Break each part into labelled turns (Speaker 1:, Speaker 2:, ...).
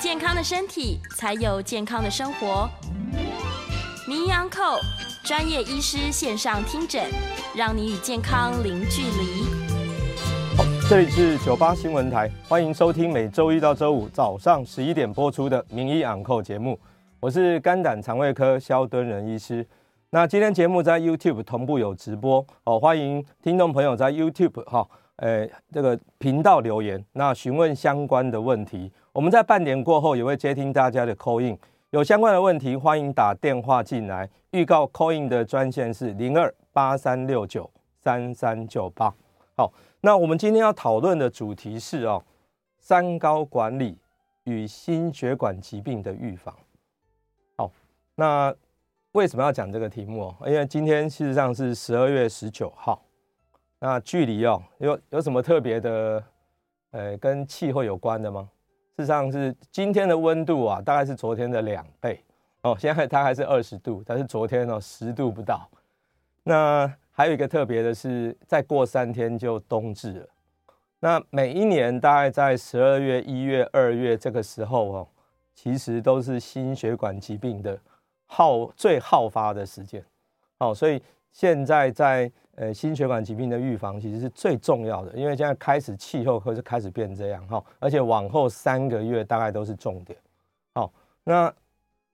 Speaker 1: 健康的身體才有健康的生活。名醫昂 n 專業醫師線上聽診，讓你與健康零距離。
Speaker 2: 這裡是九八新聞台，歡迎收聽每周一到周五早上十一點播出的名醫昂 n 節目。我是肝膽腸胃科肖敦仁醫師。那今天節目在 YouTube 同步有直播哦，歡迎聽眾朋友在 YouTube 哈、哦，誒，這個頻道留言，那詢問相關的問題。我們在半點過後也會接聽大家的 call in，有相關的問題歡迎打電話進來。預告 call in 的專線是零二八三六九三三九八。好，那我們今天要討論的主題是哦，三高管理與心血管疾病的預防。好，那為什麼要講這個題目？因為今天事實上是十二月十九號，那距離哦有有什麼特別的呃跟氣候有關的嗎？事實上是今天的溫度啊，大概是昨天的兩倍哦。現在大概是二十度，但是昨天哦十度不到。那還有一個特別的是，再過三天就冬至了。那每一年大概在十二月、一月、二月這個時候哦，其實都是心血管疾病的好最好發的時間哦。所以現在在。呃，心血管疾病的預防其實是最重要的，因為現在開始氣候會是開始變這樣哈、哦，而且往後三個月大概都是重點。好、哦，那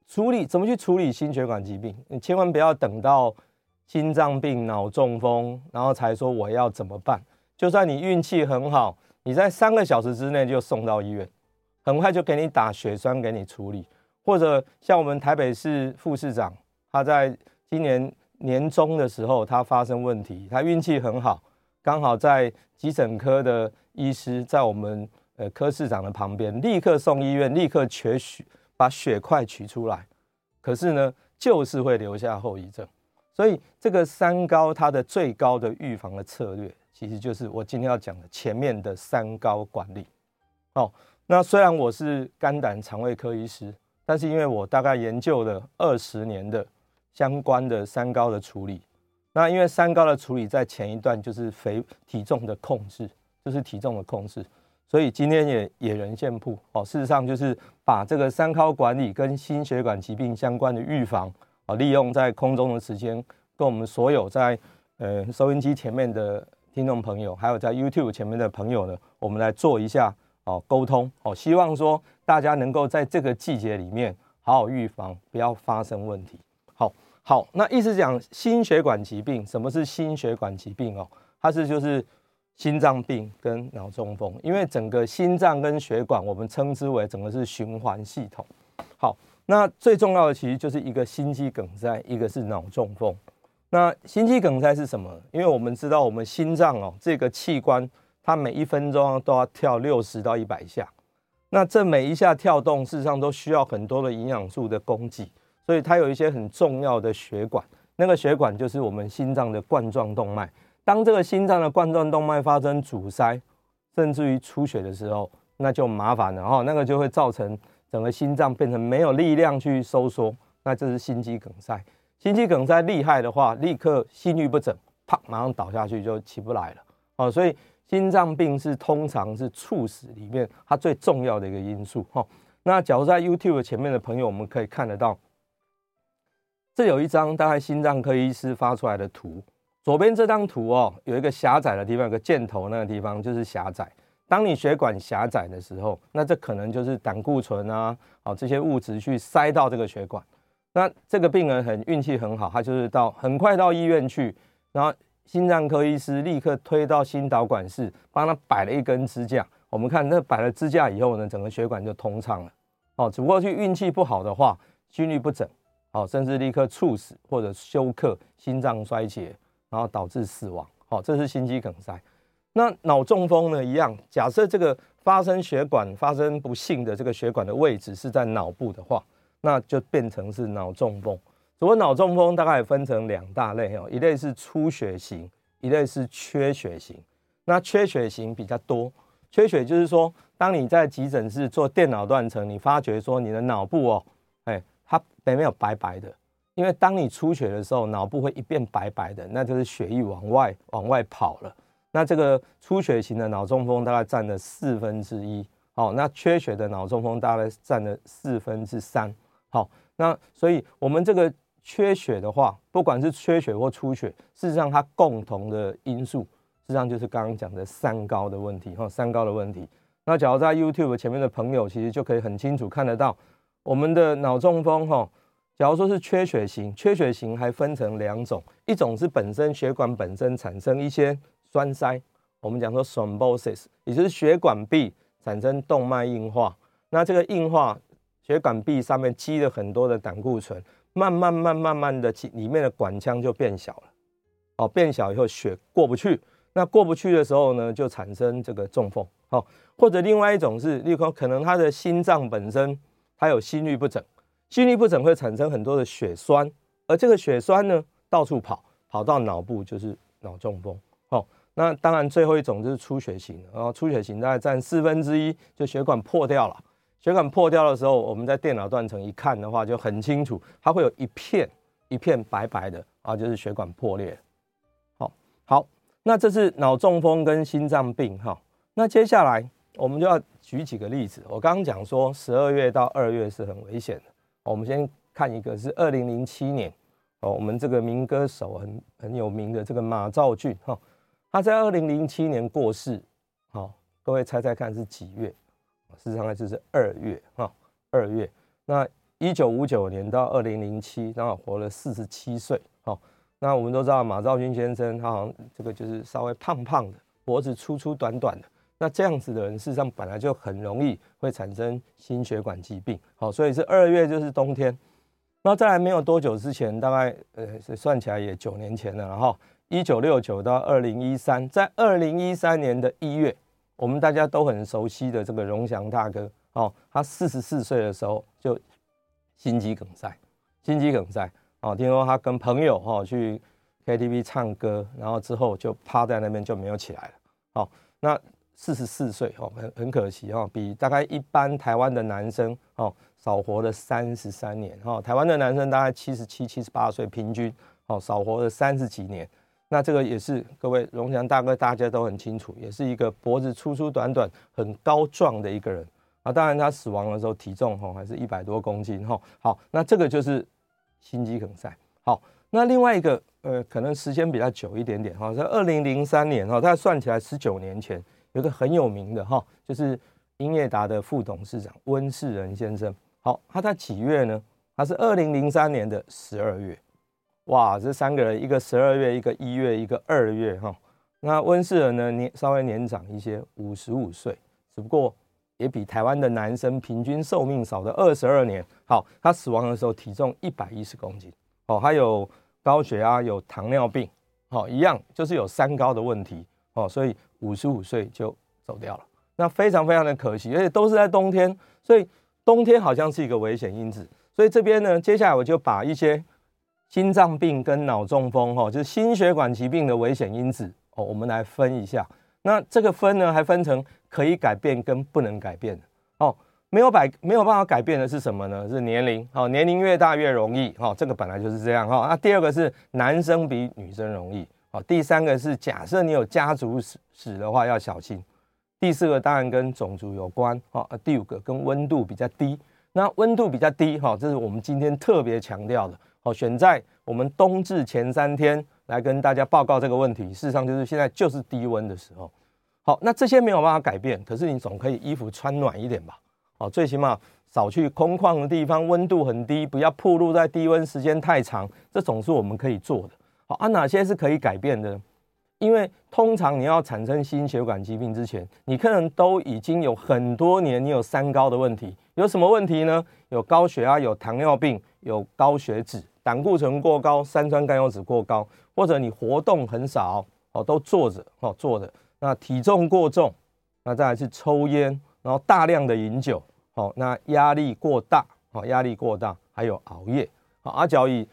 Speaker 2: 處理怎麼去處理心血管疾病？你千萬不要等到心臟病、腦中風，然後才說我要怎麼辦。就算你運氣很好，你在三個小時之內就送到醫院，很快就給你打血栓給你處理，或者像我們台北市副市長，他在今年。年終的時候，他發生問題，他運氣很好，剛好在急診科的醫師在我們呃科室長的旁邊，立刻送醫院，立刻取血，把血塊取出來。可是呢，就是會留下後遺症。所以這個三高，它的最高的預防的策略，其實就是我今天要講的前面的三高管理。好、哦，那雖然我是肝膽腸胃科醫師，但是因為我大概研究了二十年的。相關的三高的處理，那因為三高的處理在前一段就是肥體重的控制，就是體重的控制，所以今天也也野人獻曝哦。事實上就是把這個三高管理跟心血管疾病相關的預防哦，利用在空中的時間，跟我們所有在呃收音機前面的聽眾朋友，還有在 YouTube 前面的朋友呢，我們來做一下哦溝通哦，希望說大家能夠在這個季節裡面好好預防，不要發生問題。好。好，那意思講心血管疾病，什麼是心血管疾病哦？它是就是心臟病跟腦中風，因為整個心臟跟血管，我們稱之為整個是循環系統。好，那最重要的其實就是一個心肌梗塞，一個是腦中風。那心肌梗塞是什麼？因為我們知道我們心臟哦，這個器官，它每一分鐘都要跳六十到一百下，那這每一下跳動，事實上都需要很多的營養素的供給。所以它有一些很重要的血管，那個血管就是我們心臟的冠狀動脈。當這個心臟的冠狀動脈發生阻塞，甚至於出血的時候，那就麻煩了哦。那個就會造成整個心臟變成沒有力量去收縮，那這是心肌梗塞。心肌梗塞厲害的話，立刻心律不整，啪，馬上倒下去就起不來了啊。所以心臟病是通常是猝死裡面它最重要的一個因素哈。那假如在 YouTube 前面的朋友，我們可以看得到。這有一張大概心臟科醫師發出來的圖，左邊這張圖哦，有一個狹窄的地方，有個箭頭那個地方就是狹窄。當你血管狹窄的時候，那這可能就是膽固醇啊、哦，這些物質去塞到這個血管。那這個病人很運氣很好，他就是到很快到醫院去，然後心臟科醫師立刻推到心導管室，幫他擺了一根支架。我們看那擺了支架以後呢，整個血管就通暢了。哦，只不過去運氣不好的話，心律不整。好，甚至立刻猝死或者休克、心臟衰竭，然後導致死亡。好、哦，這是心肌梗塞。那腦中風呢？一樣，假設這個發生血管發生不幸的這個血管的位置是在腦部的話，那就變成是腦中風。如果腦中風大概分成兩大類哦，一類是出血型，一類是缺血型。那缺血型比較多，缺血就是說，當你在急診室做電腦斷層，你發覺說你的腦部哦，哎。它沒有白白的，因為當你出血的時候，腦部會一變白白的，那就是血液往外往外跑了。那這個出血型的腦中風大概佔了四分之一，好，那缺血的腦中風大概佔了四分之三，好，那所以我們這個缺血的話，不管是缺血或出血，事實上它共同的因素，事實上就是剛剛講的三高的問題，哈、哦，三高的問題。那假如在 YouTube 前面的朋友，其實就可以很清楚看得到。我們的腦中風，哦，假如說是缺血型，缺血型還分成兩種，一種是本身血管本身產生一些栓塞，我們講說 thrombosis，也就是血管壁產生動脈硬化，那這個硬化血管壁上面積了很多的膽固醇，慢慢慢慢慢慢的，裡面的管腔就變小了，哦，變小以後血過不去，那過不去的時候呢，就產生這個中風，好、哦，或者另外一種是，例如可能他的心臟本身。還有心律不整，心律不整會產生很多的血栓，而這個血栓呢，到處跑，跑到腦部就是腦中風。哦，那當然最後一種就是出血型，然後出血型大概占四分之一，就血管破掉了。血管破掉的時候，我們在電腦斷層一看的話就很清楚，它會有一片一片白白的啊，就是血管破裂。好、哦、好，那這是腦中風跟心臟病。哈、哦，那接下來我們就要。舉幾個例子，我剛剛講說十二月到二月是很危險的。我們先看一個是二零零七年，哦，我們這個民歌手很很有名的這個馬兆駿，哈，他在二零零七年過世，好，各位猜猜看是幾月？事實上呢，就是二月哈，二月。那一九五九年到二零零七，剛好活了四十七歲。好，那我們都知道馬兆駿先生，他好像這個就是稍微胖胖的，脖子粗粗短短的。那這樣子的人，事實上本來就很容易會產生心血管疾病。好，所以是二月就是冬天。那再來沒有多久之前，大概呃算起來也九年前了。然後一九六九到二零一三，在二零一三年的一月，我們大家都很熟悉的這個榮祥大哥，哦，他四十四歲的時候就心肌梗塞，心肌梗塞。哦，聽說他跟朋友哈去 KTV 唱歌，然後之後就趴在那邊就沒有起來了。那。四十四歲，哈，很很可惜，哈，比大概一般台灣的男生，少活了三十三年，哈，台灣的男生大概七十七、七十八歲平均，少活了三十幾年。那這個也是各位戎祥大哥大家都很清楚，也是一個脖子粗粗短短、很高壯的一個人，啊，當然他死亡的時候體重，哈，還是一百多公斤，哈，好，那這個就是心肌梗塞。好，那另外一個，呃，可能時間比較久一點點，哈，在二零零三年，哈，大概算起來十九年前。有個很有名的哈，就是英業達的副董事長溫世仁先生。好，他在幾月呢？他是二零零三年的十二月。哇，這三個人，一個十二月，一個一月，一個二月哈。那溫世仁呢，年稍微年長一些，五十五歲，只不過也比台灣的男生平均壽命少了二十二年。好，他死亡的時候體重一百一十公斤，哦，他有高血壓、啊，有糖尿病，好、哦，一樣就是有三高的問題。哦，所以五十五歲就走掉了，那非常非常的可惜，而且都是在冬天，所以冬天好像是一個危險因子。所以這邊呢，接下來我就把一些心臟病跟腦中風，哦，就是心血管疾病的危險因子，哦，我們來分一下。那這個分呢，還分成可以改變跟不能改變的。哦，沒有改沒有辦法改變的是什麼呢？是年齡，哦，年齡越大越容易，哦，這個本來就是這樣，哈，哦。那，啊，第二個是男生比女生容易。好，第三個是假設你有家族史的話要小心。第四個當然跟種族有關。好，第五個跟溫度比較低。那溫度比較低，好，這是我們今天特別強調的。好，選在我們冬至前三天來跟大家報告這個問題。事實上就是現在就是低溫的時候。好，那這些沒有辦法改變，可是你總可以衣服穿暖一點吧。好，最起碼少去空曠的地方，溫度很低，不要暴露在低溫時間太長。這總是我們可以做的。好啊，哪些是可以改變的？因為通常你要產生心血管疾病之前，你可能都已經有很多年，你有三高的問題。有什麼問題呢？有高血壓，有糖尿病，有高血脂，膽固醇過高，三酸甘油酯過高，或者你活動很少，都坐着，坐着。那體重過重，那再來是抽菸，然後大量的飲酒，好，那壓力過大，哦，壓力過大，還有熬夜，好、啊，阿嬌以……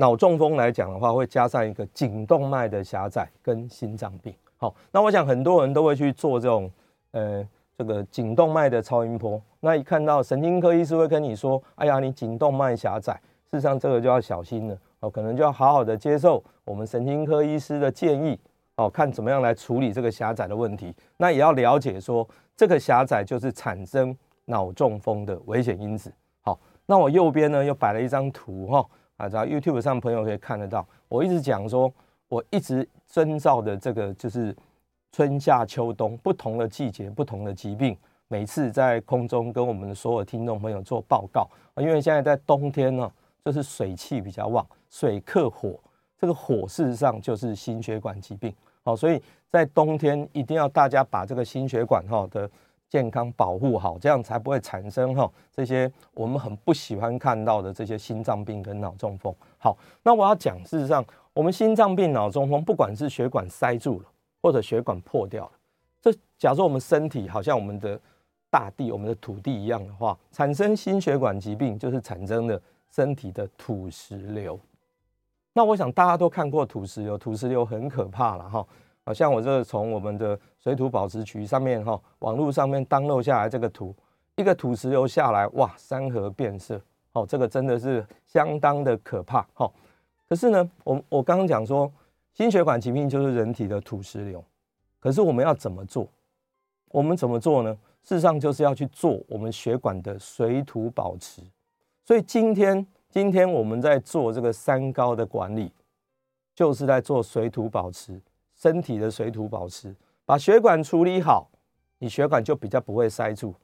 Speaker 2: 腦中風來講的話，會加上一個頸動脈的狹窄跟心臟病。好，那我想很多人都會去做這種，呃，這個頸動脈的超音波。那一看到神經科醫師會跟你說，哎呀，你頸動脈狹窄，事實上這個就要小心了哦，可能就要好好的接受我們神經科醫師的建議哦，看怎麼樣來處理這個狹窄的問題。那也要了解說，這個狹窄就是產生腦中風的危險因子。好，那我右邊呢又擺了一張圖哈。哦啊，然後 YouTube 上朋友可以看得到，我一直講說，我一直遵照的這個就是春夏秋冬不同的季節、不同的疾病，每次在空中跟我們所有聽眾朋友做報告，啊，因為現在在冬天呢，啊，就是水氣比較旺，水克火，這個火事實上就是心血管疾病，好，啊，所以在冬天一定要大家把這個心血管哈的健康保護好，這樣才不會產生哈、哦、這些我們很不喜歡看到的這些心臟病跟腦中風。好，那我要講事實上，我們心臟病、腦中風，不管是血管塞住了，或者血管破掉了，這假如說我們身體好像我們的大地、我們的土地一樣的話，產生心血管疾病就是產生了身體的土石流。那我想大家都看過土石流，土石流很可怕了哈。哦。像我這個從我們的水土保持局上面哈、哦，網絡上面 download 下來這個圖，一個土石流下來，哇，山河變色，好、哦，這個真的是相當的可怕，哈、哦，可是呢，我我剛剛講說，心血管疾病就是人體的土石流，可是我們要怎麼做？我們怎麼做呢？事實上就是要去做我們血管的水土保持。所以今天今天我們在做這個三高的管理，就是在做水土保持。身體的水土保持，把血管處理好，你血管就比較不會塞住，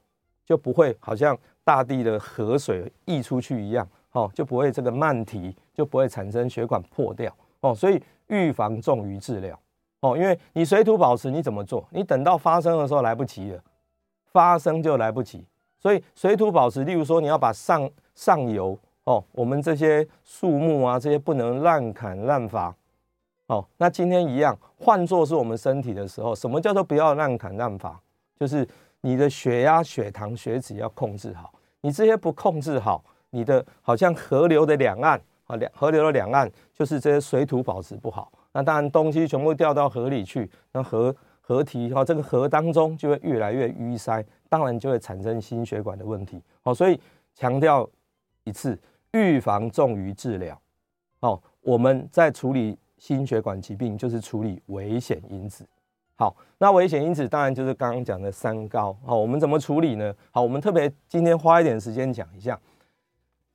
Speaker 2: 就不會好像大地的河水溢出去一樣，哦，就不會這個漫堤，就不會產生血管破掉，哦，所以預防重於治療，哦，因為你水土保持，你怎麼做？你等到發生的時候來不及了，發生就來不及，所以水土保持，例如說你要把上上游，哦，我們這些樹木啊，這些不能濫砍濫伐。哦，那今天一樣，換作是我們身體的時候，什麼叫做不要濫砍濫伐？就是你的血壓、啊、血糖、血脂要控制好。你這些不控制好，你的好像河流的兩岸啊，兩、哦、河流的兩岸就是這些水土保持不好。那當然東西全部掉到河裡去，那河河堤哈、哦，這個河當中就會越來越淤塞，當然就會產生心血管的問題。好、哦，所以強調一次，預防重於治療。哦，我們在處理。心血管疾病就是處理危險因子。好，那危險因子當然就是剛剛講的三高。好，我們怎麼處理呢？好，我們特別今天花一點時間講一下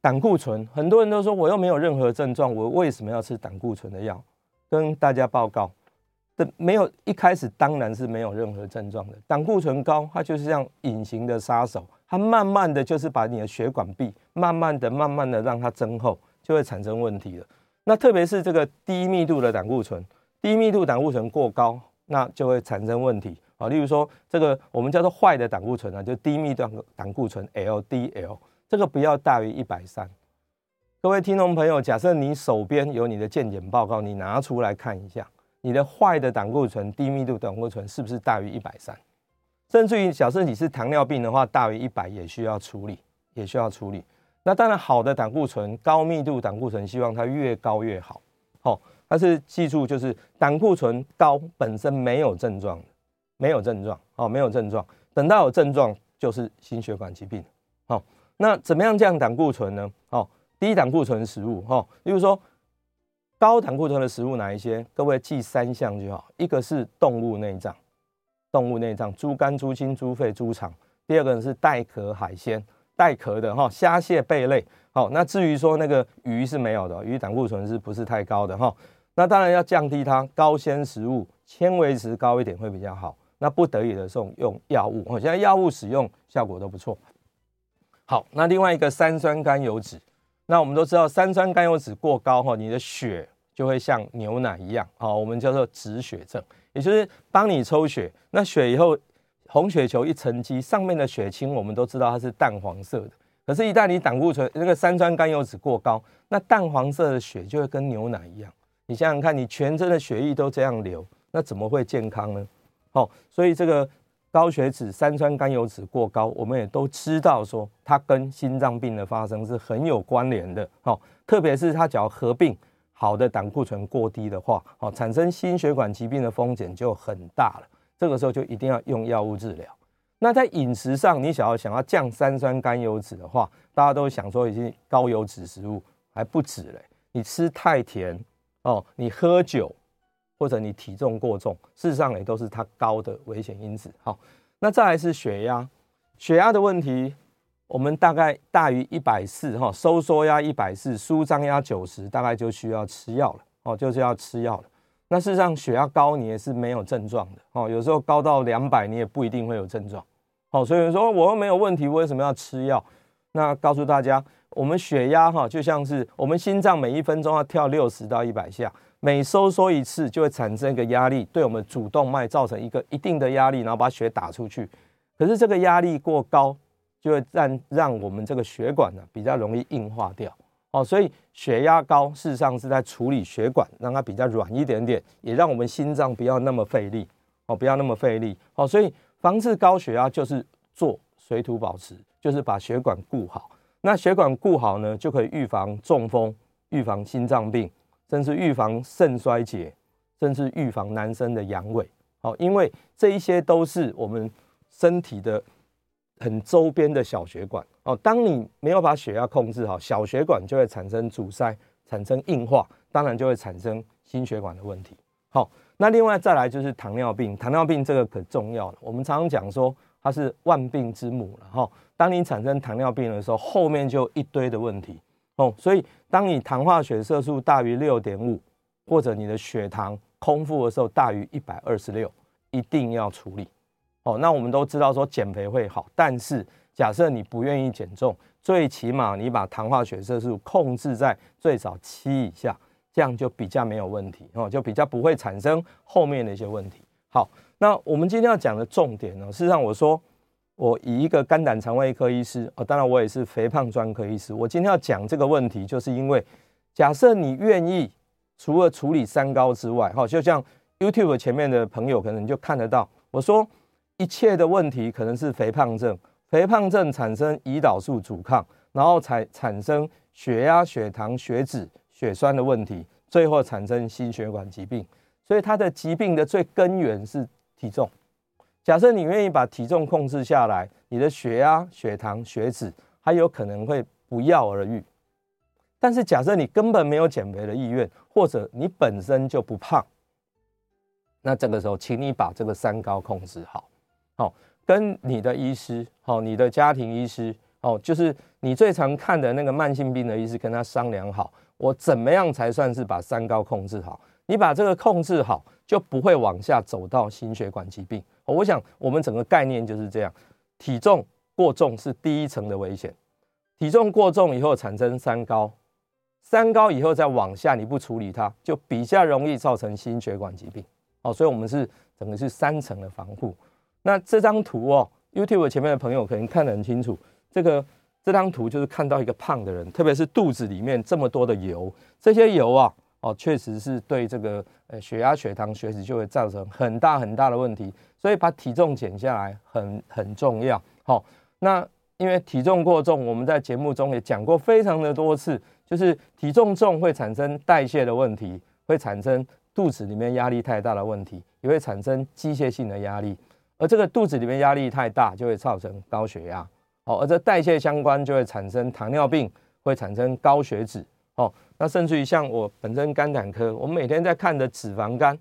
Speaker 2: 膽固醇。很多人都說我又沒有任何症狀，我為什麼要吃膽固醇的藥？跟大家報告這沒有，一開始當然是沒有任何症狀的。膽固醇高，它就是像隱形的殺手，它慢慢的就是把你的血管壁慢慢的、慢慢的讓它增厚，就會產生問題了。那特別是這個低密度的膽固醇，低密度膽固醇過高，那就會產生問題啊。例如說，這個我們叫做壞的膽固醇啊，就低密度的膽固醇 （LDL），這個不要大於一百三。各位聽眾朋友，假設你手邊有你的健檢報告，你拿出來看一下，你的壞的膽固醇、低密度膽固醇是不是大於一百三？甚至於假設你是糖尿病的話，大於一百也需要處理，也需要處理。那當然，好的膽固醇、高密度膽固醇，希望它越高越好。哦，但是記住，就是膽固醇高本身沒有症狀，沒有症狀、哦、沒有症狀。等到有症狀，就是心血管疾病。好、哦，那怎麼樣降膽固醇呢？哦，低膽固醇食物。哈、哦，例如說高膽固醇的食物哪一些？各位記三項就好。一個是動物內臟，動物內臟，豬肝、豬心、豬肺、豬腸。第二個是帶殼海鮮。帶殼的哈，蝦蟹貝類，好，那至於說那個魚是沒有的，魚膽固醇是不是太高的哈？那當然要降低它。高纖食物，纖維質高一點會比較好。那不得已的這種用藥物，哈，現在藥物使用效果都不錯。好，那另外一個三酸甘油脂，那我們都知道三酸甘油脂過高哈，你的血就會像牛奶一樣，好，我們叫做脂血症，也就是幫你抽血，那血以後。紅血球一沉積，上面的血清我們都知道它是淡黃色的。可是，一旦你膽固醇那個三酸甘油酯過高，那淡黃色的血就會跟牛奶一樣。你想想看，你全身的血液都這樣流，那怎麼會健康呢？好、哦，所以這個高血脂、三酸甘油酯過高，我們也都知道說它跟心臟病的發生是很有關聯的。好、哦，特別是它只要合併好的膽固醇過低的話，好、哦，產生心血管疾病的風險就很大了。這個時候就一定要用藥物治療。那在飲食上，你想要想要降三酸甘油脂的話，大家都想說已經高油脂食物，還不止嘞。你吃太甜哦，你喝酒，或者你體重過重，事實上也都是它高的危險因子。好，那再來是血壓，血壓的問題，我們大概大於一百四哈，收縮壓一百四，舒張壓九十，大概就需要吃藥了哦，就是要吃藥了。那事實上，血壓高你也是沒有症狀的哦。有時候高到兩百，你也不一定會有症狀。哦，所以說我又沒有問題，為什麼要吃藥？那告訴大家，我們血壓哈、哦，就像是我們心臟每一分鐘要跳六十到一百下，每收縮一次就會產生一個壓力，對我們主動脈造成一個一定的壓力，然後把血打出去。可是這個壓力過高，就會讓讓我們這個血管呢、啊、比較容易硬化掉。哦，所以血壓高，事實上是在處理血管，讓它比較軟一點點，也讓我們心臟不要那麼費力，哦，不要那麼費力，哦，所以防治高血壓就是做水土保持，就是把血管顧好。那血管顧好呢，就可以預防中風，預防心臟病，甚至預防腎衰竭，甚至預防男生的陽痿。好，因為這一些都是我們身體的很周邊的小血管。哦，當你沒有把血壓控制好，小血管就會產生阻塞，產生硬化，當然就會產生心血管的問題。好、哦，那另外再來就是糖尿病，糖尿病這個可重要了。我們常常講說它是萬病之母了。哈、哦，當你產生糖尿病的時候，後面就一堆的問題。哦，所以當你糖化血色素大於六點五，或者你的血糖空腹的時候大於一百二十六，一定要處理。哦，那我們都知道說減肥會好，但是。假設你不願意減重，最起碼你把糖化血色素控制在最少七以下，這樣就比較沒有問題哦，就比較不會產生後面的一些問題。好，那我們今天要講的重點呢，事實上我說，我以一個肝膽腸胃科醫師，哦，當然我也是肥胖專科醫師。我今天要講這個問題，就是因為假設你願意除了處理三高之外，好，就像 YouTube 前面的朋友可能你就看得到，我說一切的問題可能是肥胖症。肥胖症產生胰島素阻抗，然後才產生血壓、血糖、血脂、血栓的問題，最後產生心血管疾病。所以，它的疾病的最根源是體重。假設你願意把體重控制下來，你的血壓、血糖、血脂還有可能會不藥而癒。但是，假設你根本沒有減肥的意願，或者你本身就不胖，那這個時候，請你把這個三高控制好，好、哦。跟你的醫師，好，你的家庭醫師，好，就是你最常看的那個慢性病的醫師，跟他商量好，我怎麼樣才算是把三高控制好？你把這個控制好，就不會往下走到心血管疾病。我想，我們整個概念就是這樣：體重過重是第一層的危險，體重過重以後產生三高，三高以後再往下，你不處理它，就比較容易造成心血管疾病。哦，所以我們是整個是三層的防護。那這張圖哦，YouTube 前面的朋友可能看得很清楚。這個這張圖就是看到一個胖的人，特別是肚子裡面這麼多的油，這些油啊，哦，確實是對這個呃血壓、血糖、血脂就會造成很大很大的問題。所以把體重減下來很很重要。好，哦，那因為體重過重，我們在節目中也講過非常的多次，就是體重重會產生代謝的問題，會產生肚子裡面壓力太大的問題，也會產生機械性的壓力。而這個肚子裡面壓力太大，就會造成高血壓、哦。而這代謝相關就會產生糖尿病，會產生高血脂。哦、那甚至於像我本身肝膽科，我們每天在看的脂肪肝，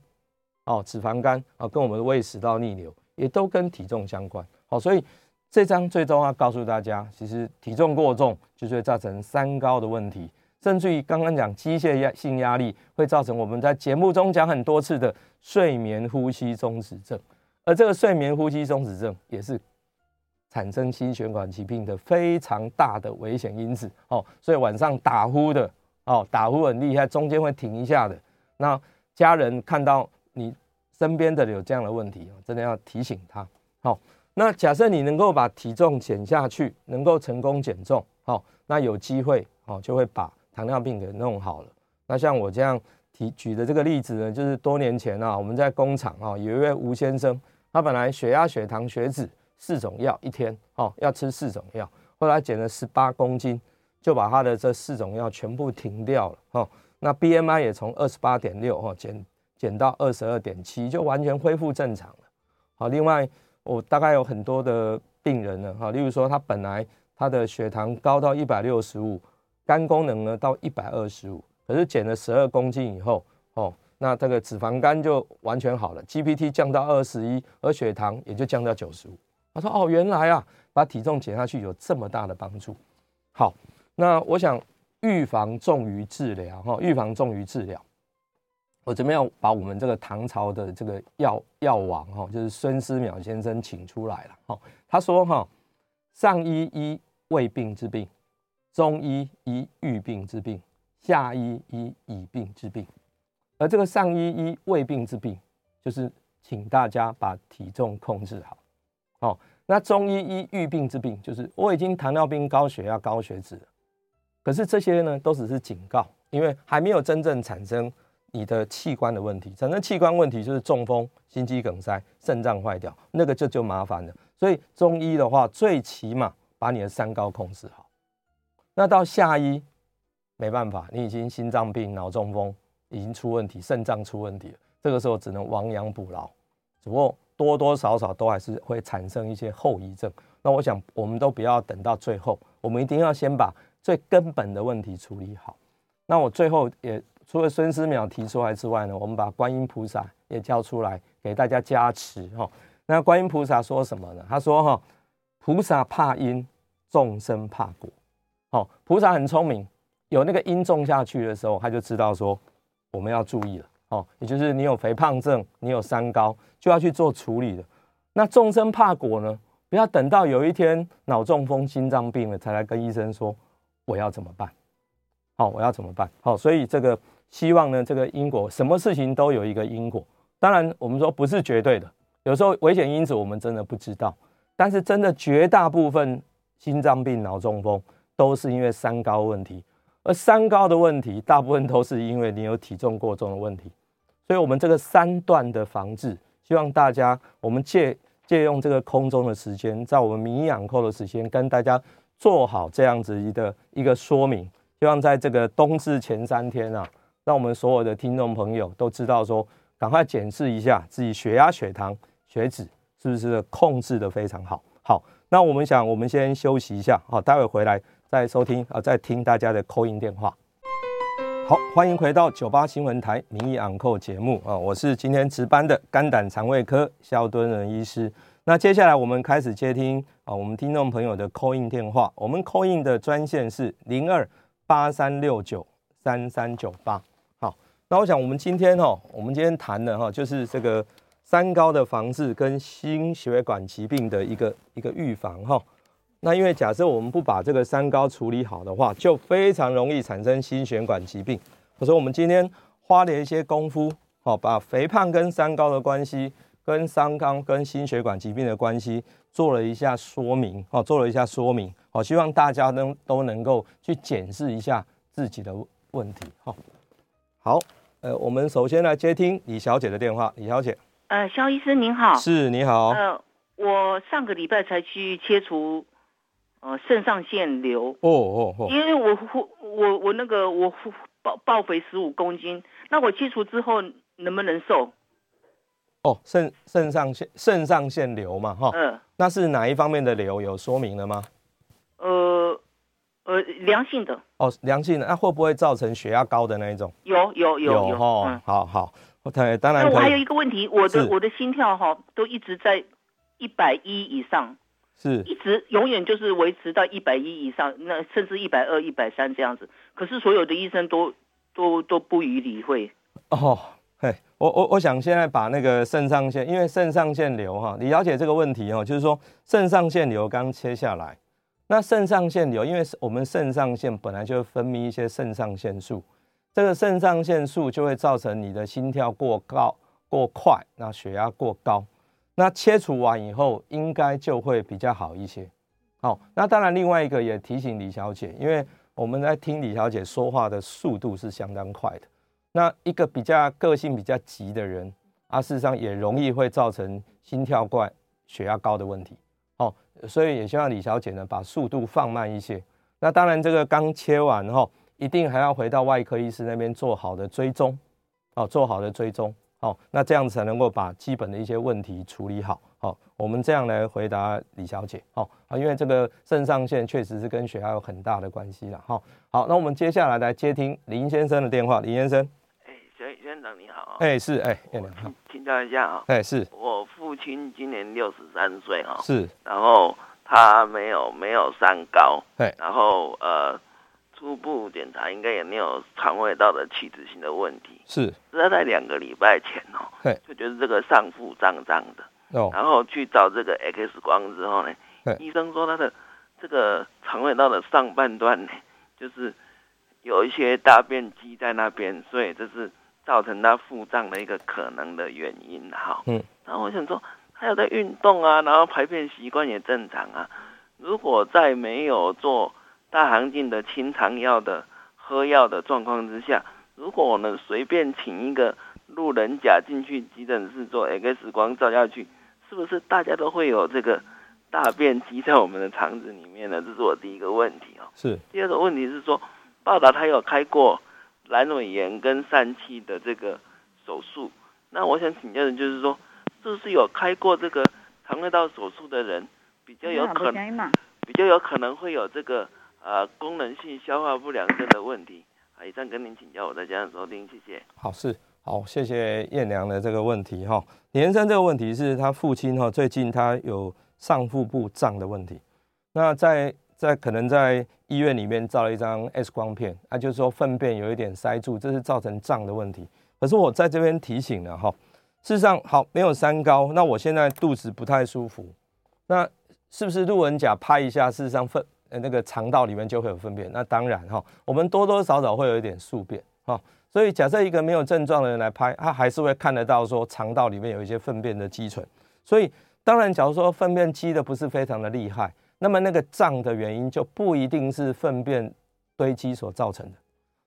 Speaker 2: 哦，脂肪肝啊、哦，跟我們的胃食道逆流也都跟體重相關、哦。所以這張最終要告訴大家，其實體重過重就是會造成三高的問題，甚至於剛剛講機械性壓力會造成我們在節目中講很多次的睡眠呼吸中止症。而這個睡眠呼吸中止症也是產生心血管疾病的非常大的危險因子哦，所以晚上打呼的哦，打呼很厲害，中間會停一下的。那家人看到你身邊的有這樣的問題、哦、真的要提醒他。好，那假設你能夠把體重減下去，能夠成功減重，好，那有機會、哦、就會把糖尿病給弄好了。那像我這樣提舉的這個例子呢，就是多年前啊，我們在工廠啊，有一位吳先生。他本來血壓、血糖、血脂四種藥一天、哦、要吃四種藥。後來減了十八公斤，就把他的這四種藥全部停掉了哈、哦。那 BMI 也從二十八點六哈減減到二十二點七，就完全恢復正常了。好、哦，另外我大概有很多的病人呢哈、哦，例如說他本來他的血糖高到一百六十五，肝功能呢到一百二十五，可是減了十二公斤以後哦。那這個脂肪肝就完全好了，GPT 降到二十一，而血糖也就降到九十五。他說：“哦，原來啊，把體重減下去有這麼大的幫助。”好，那我想預防重於治療，哈、哦，預防重於治療。我這邊要把我們這個唐朝的這個藥藥王，哈、哦，就是孫思邈先生請出來了。好、哦，他說：“哈、哦，上醫醫未病之病，中醫醫欲病病之病，下醫醫已病之病。”而這個上醫醫未病之病，就是請大家把體重控制好。哦，那中醫醫欲病之病，就是我已經糖尿病、高血壓、高血脂了，可是這些呢都只是警告，因為還沒有真正產生你的器官的問題。產生器官問題就是中風、心肌梗塞、腎臟壞掉，那個就就麻煩了。所以中醫的話，最起碼把你的三高控制好。那到下醫，沒辦法，你已經心臟病、腦中風。已經出問題，腎臟出問題了。這個時候只能亡羊補牢，只不過多多少少都還是會產生一些後遺症。那我想，我們都不要等到最後，我們一定要先把最根本的問題處理好。那我最後也除了孫思邈，提出來之外呢，我們把觀音菩薩也叫出來給大家加持哈。那觀音菩薩說什麼呢？他說哈，菩薩怕因，眾生怕果。好，菩薩很聰明，有那個因種下去的時候，他就知道說。我們要注意了，哦，也就是你有肥胖症，你有三高，就要去做處理的。那眾生怕果呢？不要等到有一天腦中風、心臟病了才來跟醫生說我要怎麼辦？好，我要怎麼辦？好、哦哦，所以這個希望呢，這個因果，什麼事情都有一個因果。當然，我們說不是絕對的，有時候危險因子我們真的不知道，但是真的絕大部分心臟病、腦中風都是因為三高問題。而三高的問題，大部分都是因為你有體重過重的問題，所以，我們這個三段的防治，希望大家，我們借借用這個空中的時間，在我們民養扣的時間，跟大家做好這樣子的一個一個說明，希望在這個冬至前三天啊，讓我們所有的聽眾朋友都知道，說趕快檢視一下自己血壓、血糖、血脂是不是控制得非常好。好，那我們想，我們先休息一下，好，待會回來。在收聽啊，在、呃、聽大家的 call in 電話。好，歡迎回到九八新聞台《民意 on call》節目啊、哦，我是今天值班的肝膽腸胃科蕭敦仁醫師。那接下來我們開始接聽啊、哦，我們聽眾朋友的 call in 電話。我們 call in 的專線是零二八三六九三三九八。好，那我想我們今天哈、哦，我們今天談的哈、哦，就是這個三高的防治跟心血管疾病的一個一個預防哈。哦那因為假設我們不把這個三高處理好的話，就非常容易產生心血管疾病。所以我們今天花了一些功夫，好、哦、把肥胖跟三高的關係，跟三高跟心血管疾病的關係做了一下說明，好、哦、做了一下說明，好、哦、希望大家能都能夠去檢視一下自己的問題，哈、哦。好，呃，我們首先來接聽李小姐的電話。李小姐，
Speaker 3: 呃，蕭醫師您
Speaker 4: 好，
Speaker 1: 是，你好。
Speaker 3: 呃，我上個禮拜才去切除。
Speaker 4: 哦，腎上
Speaker 2: 腺瘤哦哦哦，因為我
Speaker 4: 我我那個我爆、暴肥十五公斤，那我切除之後能不能瘦？
Speaker 2: 哦，腎腎上腺腎上腺瘤嘛哈、哦，嗯，那是哪一方面的瘤？有說明了嗎？
Speaker 3: 呃呃，良性的
Speaker 2: 哦，良性的，那會不會造成血壓高的那一種？
Speaker 3: 有有
Speaker 4: 有有哈、
Speaker 2: 哦嗯，好好，對，當然。那我還有一個問題，嗯、我的我
Speaker 3: 的心跳
Speaker 4: 哈都一直在一百一以上。是，一直永遠就是維持到一百一以上，那甚至一百二、一百三這樣子。可是所有的醫生都都都不予理會。
Speaker 2: 哦，嘿，我我我想現在把那個腎上腺，因為腎上腺瘤哈，你、啊、了解這個問題哦、啊，就是說腎上腺瘤剛切下來，那腎上腺瘤，因為我們腎上腺本來就會分泌一些腎上腺素，這個腎上腺素就會造成你的心跳過高過快，那血壓過高。那切除完以後，應該就會比較好一些。好，那當然另外一個也提醒李小姐，因為我們在聽李小姐說話的速度是相當快的。那一個比較個性比較急的人，啊，事實上也容易會造成心跳快、血壓高的問題。哦，所以也希望李小姐呢，把速度放慢一些。那當然這個剛切完後，一定還要回到外科醫師那邊做好的追蹤，哦，做好的追蹤。好、哦、那這樣子才能夠把基本的一些問題處理好。好、哦，我們這樣來回答李小姐。哦、因為這個腎上腺確實是跟血壓有很大的關係、哦、好，那我們接下來來接聽林先生的電話。林先生，哎、
Speaker 4: 欸，小李先生你好。
Speaker 2: 哎、欸，是哎，院長好。請教一下哈、喔。哎、欸，是
Speaker 4: 我父親今年六十三歲哈。是。然後他沒有沒有三高。對。然後呃。初步檢查應該也沒有腸胃道的器質性的問題，是。他在兩個禮拜前哦，就覺得這個上腹脹脹的、哦，然後去找這個 X 光之後呢，醫生說他的這個腸胃道的上半段呢，就是有一些大便積在那邊，所以這是造成他腹脹的一個可能的原因哈。嗯，然後我想說他有在運動啊，然後排便習慣也正常啊，如果再沒有做。大腸鏡的清腸藥的喝藥的狀況之下，如果我們隨便請一個路人甲進去急診室做 X 光照下去，是不是大家都會有這個大便積在我們的腸子裡面呢？這是我第一個問題啊、哦。是。第二個問題是說，爸爸他有開過闌尾炎跟疝氣的這個手術，那我想請教的，就是說，是不是有開過這個腸胃道手術的人，比較有可，能，比較有可能會有這個？呃，功能性消化不良症的問題，好，以上跟您請教我家，我在家的收聽，謝謝。
Speaker 2: 好，是好，謝謝燕良的這個問題哈。李先生這個問題是他父親哈，最近他有上腹部脹的問題，那在在可能在醫院裡面照了一張 X 光片，那、啊、就是說糞便有一點塞住，這是造成脹的問題。可是我在這邊提醒了哈，事實上好沒有三高，那我現在肚子不太舒服，那是不是路人甲拍一下？事實上糞。呃，那個腸道裡面就會有糞便，那當然哈、哦，我們多多少少會有一點宿便哈，所以假設一個沒有症狀的人來拍，他還是會看得到說腸道裡面有一些糞便的積存。所以當然，假如說糞便積得不是非常的厲害，那麼那個脹的原因就不一定是糞便堆積所造成的。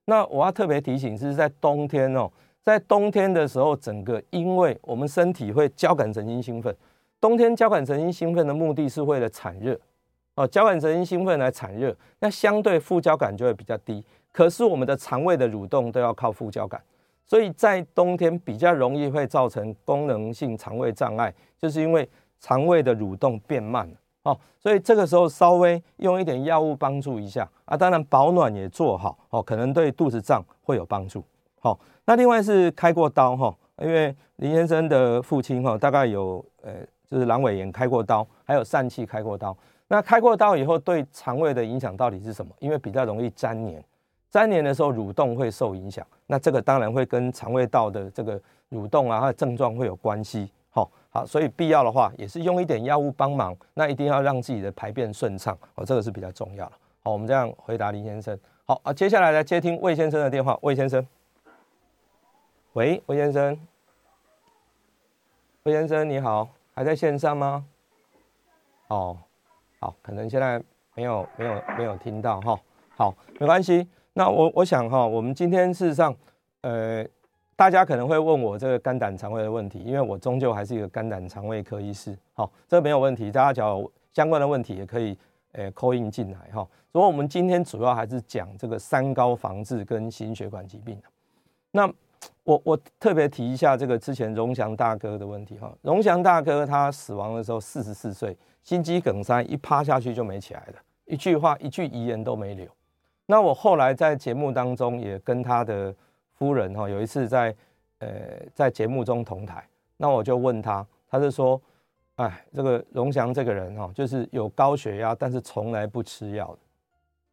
Speaker 2: 那我要特別提醒，是在冬天哦，在冬天的時候，整個因為我們身體會交感神經興奮，冬天交感神經興奮的目的是為了產熱。哦，交感神經興奮來產熱，那相對副交感就會比較低。可是我們的腸胃的蠕動都要靠副交感，所以在冬天比較容易會造成功能性腸胃障礙，就是因為腸胃的蠕動變慢了。哦，所以這個時候稍微用一點藥物幫助一下啊，當然保暖也做好哦，可能對肚子脹會有幫助，哦。那另外是開過刀哈，哦，因為林先生的父親哈，哦，大概有呃，就是闌尾炎開過刀，還有疝氣開過刀。那開過刀以後對腸胃的影響到底是什麼？因為比較容易粘黏，粘黏的時候蠕動會受影響，那這個當然會跟腸胃道的這個蠕動啊，它的症狀會有關係。好、哦，好，所以必要的話也是用一點藥物幫忙，那一定要讓自己的排便順暢，哦，這個是比較重要的。好，我們這樣回答林先生。好啊，接下來來接聽魏先生的電話。魏先生，喂，魏先生，魏先生你好，還在線上嗎？哦。好，可能現在沒有沒有沒有聽到哈。好，沒關係。那我我想哈，我們今天事實上，呃，大家可能會問我這個肝膽腸胃的問題，因為我終究還是一個肝膽腸胃科醫師。好，這沒有問題，大家只要相關的問題也可以呃 call in 進來哈。所以我們今天主要還是講這個三高防治跟心血管疾病。那我我特別提一下這個之前榮祥大哥的問題哈。榮祥大哥他死亡的時候四十四歲。心肌梗塞，一趴下去就沒起來了，一句話，一句遺言都沒留。那我後來在節目當中也跟他的夫人哈，有一次在呃在節目中同台，那我就問他，他就說，哎，這個龍祥這個人哈，就是有高血壓，但是從來不吃藥的，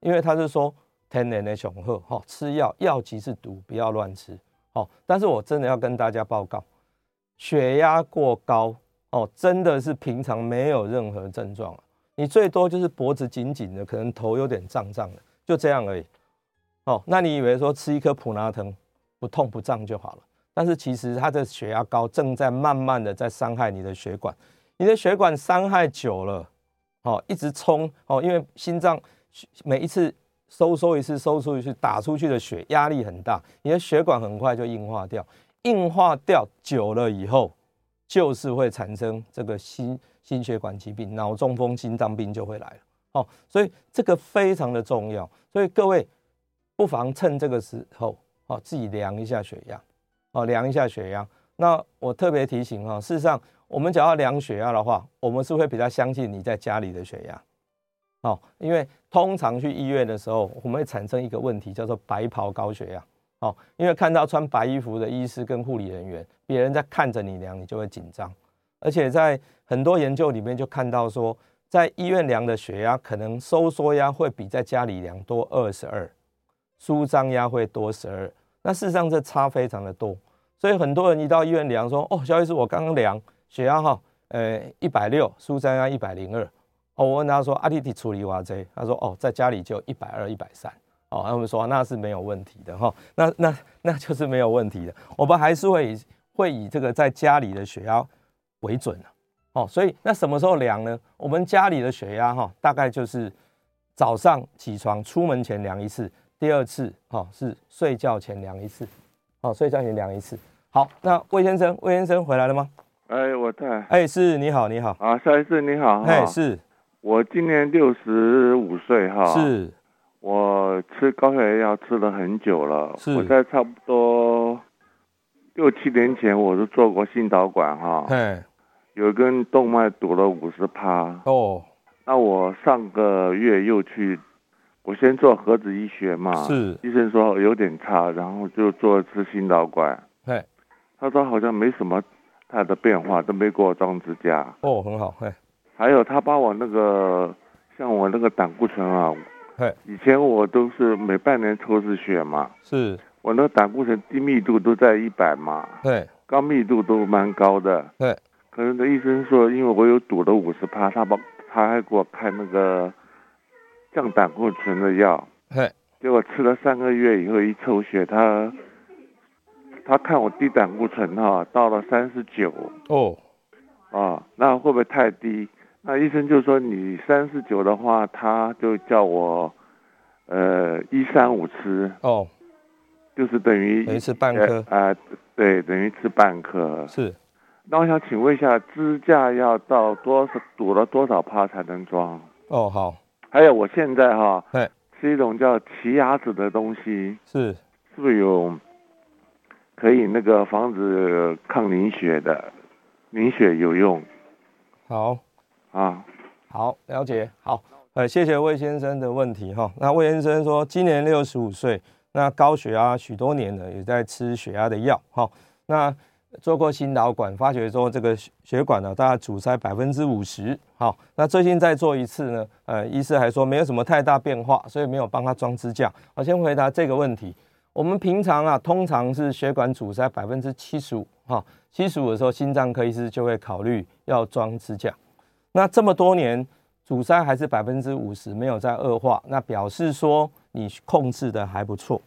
Speaker 2: 因為他是說天然的尚好哈，吃藥藥即是毒，不要亂吃，但是我真的要跟大家報告，血壓過高。哦，真的是平常沒有任何症狀啊，你最多就是脖子緊緊的，可能頭有點脹脹的，就這樣而已。哦，那你以為說吃一顆普拿疼不痛不脹就好了？但是其實他的血壓高，正在慢慢的在傷害你的血管。你的血管傷害久了，哦，一直衝哦，因為心臟每一次收縮一次收縮一次打出去的血壓力很大，你的血管很快就硬化掉。硬化掉久了以後。就是會產生這個心心血管疾病，腦中風、心臟病就會來了。哦，所以這個非常的重要。所以各位不妨趁這個時候，哦，自己量一下血壓，哦，量一下血壓。那我特別提醒，哈，哦，事實上，我們只要量血壓的話，我們是會比較相信你在家裡的血壓，哦，因為通常去醫院的時候，我們會產生一個問題，叫做白袍高血壓。哦，因為看到穿白衣服的醫師跟護理人員，別人在看着你量，你就會緊張。而且在很多研究裡面就看到說，在醫院量的血壓可能收縮壓會比在家裡量多二十二，舒張壓會多十二。那事實上這差非常的多，所以很多人一到醫院量說，哦，蕭醫師，我剛剛量血壓哈，呃、欸，一百六，舒張壓一百零二。哦，我問他說阿弟弟處理哇這，他說哦，在家裡就一百二一百三。哦，那我們說那是沒有問題的哈、哦，那那那就是沒有問題的，我們還是會會以這個在家裡的血壓為準的。哦，所以那什麼時候量呢？我們家裡的血壓哈、哦，大概就是早上起床出門前量一次，第二次哈、哦、是睡覺前量一次，哦，睡覺前量一次。好，那魏先生，魏先生回來了嗎？哎、欸，我在。哎、欸，是，你好，你好。
Speaker 1: 啊，蕭醫生，你好。哎、欸，是。我今年六十五歲哈。是。我吃高血壓藥吃了很久了，是我在差不多六七年前，我是做過心導管哈，有一根動脈堵了五十趴哦。那我上個月又去，我先做核子醫學嘛，是，醫生說有點差，然後就做一次心導管，對，他說好像沒什麼太大的變化，都沒給我裝支架
Speaker 2: 哦，很好，還
Speaker 1: 有他把我那個像我那個膽固醇啊。對、hey.，以前我都是每半年抽次血嘛，是，是我那膽固醇低密度都在一百嘛，對，高密度都蠻高的，
Speaker 2: 對。
Speaker 1: 可能的醫生說，因為我有堵了五十趴，他他還給我開那個降膽固醇的藥，對。結果吃了三個月以後，一抽血，他他看我低膽固醇哈，到了三十九，哦，啊，那會不會太低？那醫生就說：“你三十九的話，他就叫我，呃，一三五吃哦，就是等於等於吃半顆啊、呃，對，等於吃半顆。是，那我想請問一下，支架要到多少堵了多少趴才能裝？哦，好。還有我現在哈，是、哦、一種叫奇亞籽的東西，是是不是有可以那個防止抗凝血的凝血有用？
Speaker 2: 好。”啊，好，了解，好，呃、嗯，謝謝魏先生的問題哈、哦。那魏先生說，今年六十五歲，那高血壓許多年了，也在吃血壓的藥哈、哦。那做過心導管，發覺說這個血管呢、啊，大概阻塞百分之五十，哈，那最近再做一次呢，呃，醫師還說沒有什麼太大變化，所以沒有幫他裝支架。我先回答這個問題。我們平常啊，通常是血管阻塞百分之七十五，哈，七十五的時候，心臟科醫師就會考慮要裝支架。那這麼多年，阻塞還是百分之五十，沒有再惡化，那表示說你控制的還不錯。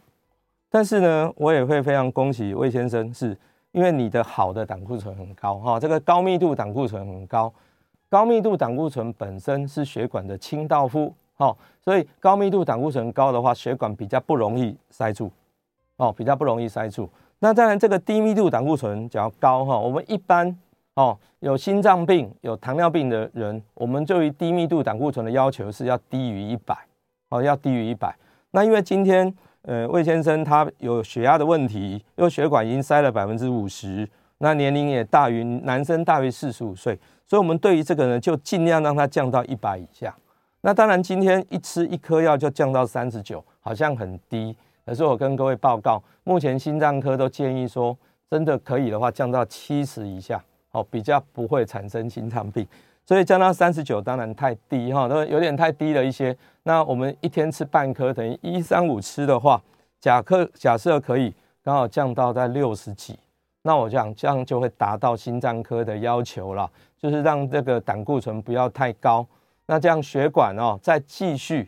Speaker 2: 但是呢，我也會非常恭喜魏先生，是因為你的好的膽固醇很高哈、哦，這個高密度膽固醇很高，高密度膽固醇本身是血管的清道夫哈、哦，所以高密度膽固醇高的話，血管比較不容易塞住哦，比較不容易塞住。那當然這個低密度膽固醇比較高哈、哦，我們一般。哦，有心臟病、有糖尿病的人，我們對於低密度膽固醇的要求是要低於一百，哦，要低於一百。那因為今天，呃，魏先生他有血壓的問題，因為血管已經塞了百分之五十，那年齡也大於男生大於四十五歲，所以我們對於這個呢，就儘量讓他降到一百以下。那當然，今天一吃一顆藥就降到三十九，好像很低。可是我跟各位報告，目前心臟科都建議說，真的可以的話，降到七十以下。哦，比較不會產生心臟病，所以降到三十九當然太低哈，都、哦、有點太低了一些。那我們一天吃半顆，等於一三五吃的話，假設假設可以剛好降到在六十幾，那我講這樣，這樣就會達到心臟科的要求了，就是讓這個膽固醇不要太高，那這樣血管哦再繼續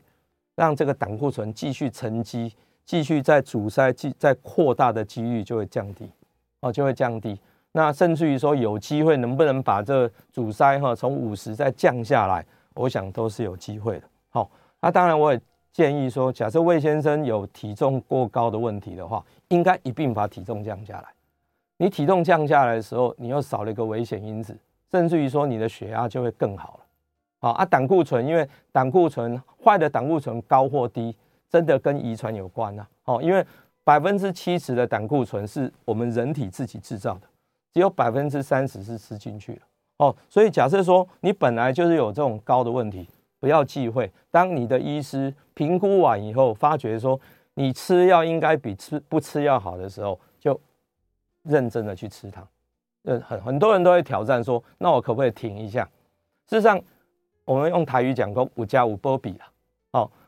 Speaker 2: 讓這個膽固醇繼續沉積，繼續在阻塞、繼續在擴大的幾率就會降低，哦就會降低。那甚至於說，有機會能不能把這阻塞哈從五十再降下來？我想都是有機會的。好、哦，那當然我也建議說，假設魏先生有體重過高的問題的話，應該一併把體重降下來。你體重降下來的時候，你又少了一個危險因子，甚至於說你的血壓就會更好了。好、哦、啊，膽固醇，因為膽固醇壞的膽固醇高或低，真的跟遺傳有關啊。哦，因為百分之七十的膽固醇是我們人體自己製造的。只有百分之三十是吃進去了哦，所以假設說你本來就是有這種高的問題，不要忌諱。當你的醫師評估完以後，發覺說你吃藥應該比吃不吃藥好的時候，就認真的去吃它。嗯，很很多人都會挑戰說，那我可不可以停一下？事實上，我們用台語講過五加五波比啊，